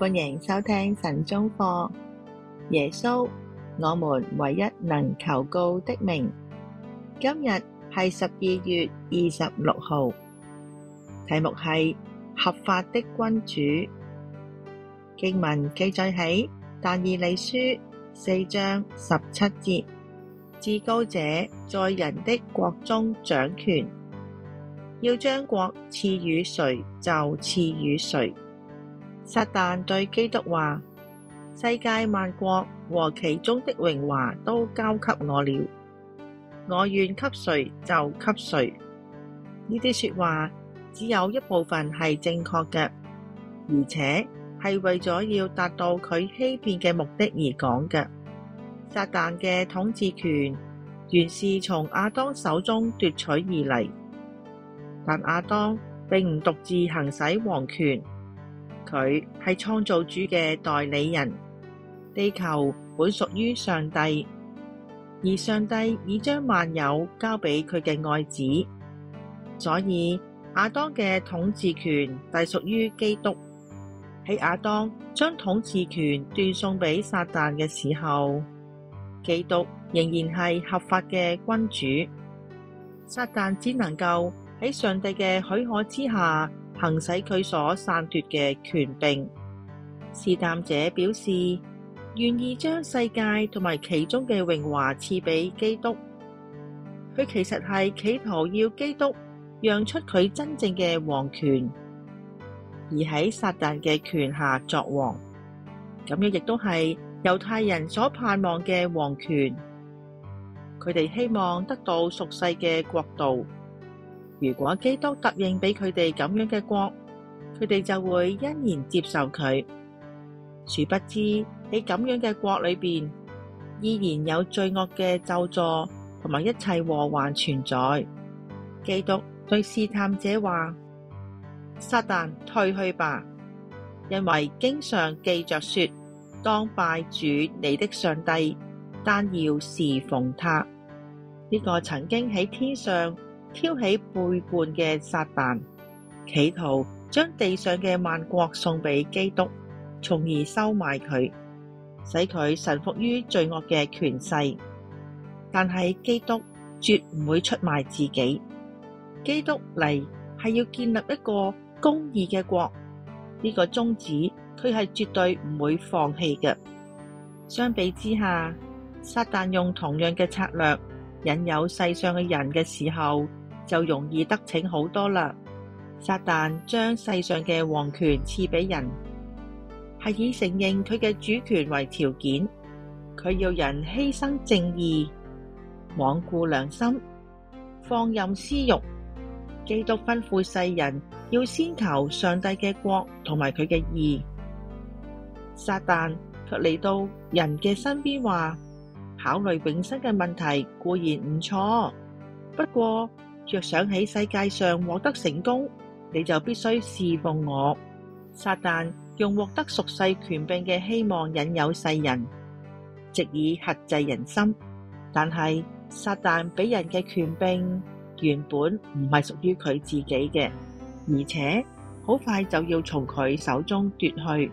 歡迎收聽晨鐘課。耶穌，我們唯一能求告的名。今日係十二月二十六號，題目係合法的君主。經文記載喺但以理書四章十七節，至高者在人的國中掌權，要將國賜予誰就賜予誰。撒但對基督話：世界萬國和其中的榮華都交給我了，我願給誰就給誰。呢啲說話只有一部分係正確嘅，而且係為咗要達到佢欺騙嘅目的而講嘅。撒但嘅統治權原是從亞當手中奪取而嚟，但亞當並唔獨自行使王權。佢係創造主嘅代理人，地球本屬於上帝，而上帝已將萬有交俾佢嘅愛子，所以亞當嘅統治權隸屬於基督。喺亞當將統治權斷送俾撒旦嘅時候，基督仍然係合法嘅君主，撒旦只能夠喺上帝嘅許可之下。行使佢所篡奪嘅權柄，試探者表示願意將世界同埋其中嘅榮華賜俾基督。佢其實係企圖要基督讓出佢真正嘅王權，而喺撒旦嘅權下作王。咁樣亦都係猶太人所盼望嘅王權，佢哋希望得到屬世嘅國度。如果基督答應俾佢哋咁樣嘅國，佢哋就會欣然接受佢。殊不知喺咁樣嘅國裏邊，依然有罪惡嘅咒詛同埋一切禍患存在。基督對試探者話：撒旦退去吧，因為經常記着說，當拜主你的上帝，單要侍奉他。呢、這個曾經喺天上。挑起背叛嘅撒旦，企圖將地上嘅萬國送俾基督，從而收買佢，使佢臣服於罪惡嘅權勢。但係基督絕唔會出賣自己。基督嚟係要建立一個公義嘅國，呢個宗旨佢係絕對唔會放棄嘅。相比之下，撒旦用同樣嘅策略引誘世上嘅人嘅時候，就容易得逞好多啦。撒旦將世上嘅王權賜俾人，係以承認佢嘅主權為條件。佢要人犧牲正義、罔顧良心、放任私欲。基督吩咐世人要先求上帝嘅國同埋佢嘅義，撒旦卻嚟到人嘅身邊話，考慮永生嘅問題固然唔錯，不過。若想喺世界上獲得成功，你就必須侍奉我。撒旦用獲得屬世權柄嘅希望引誘世人，藉以克制人心。但係撒旦俾人嘅權柄原本唔係屬於佢自己嘅，而且好快就要從佢手中奪去。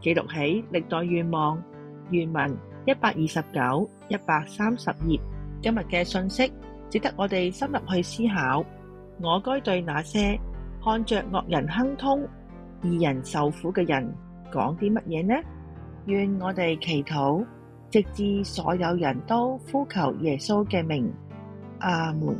記錄起歷代願望，原文一百二十九、一百三十頁今日嘅信息，值得我哋深入去思考，我該對那些看着惡人亨通、義人受苦嘅人講啲乜嘢呢？願我哋祈禱，直至所有人都呼求耶穌嘅名。阿門。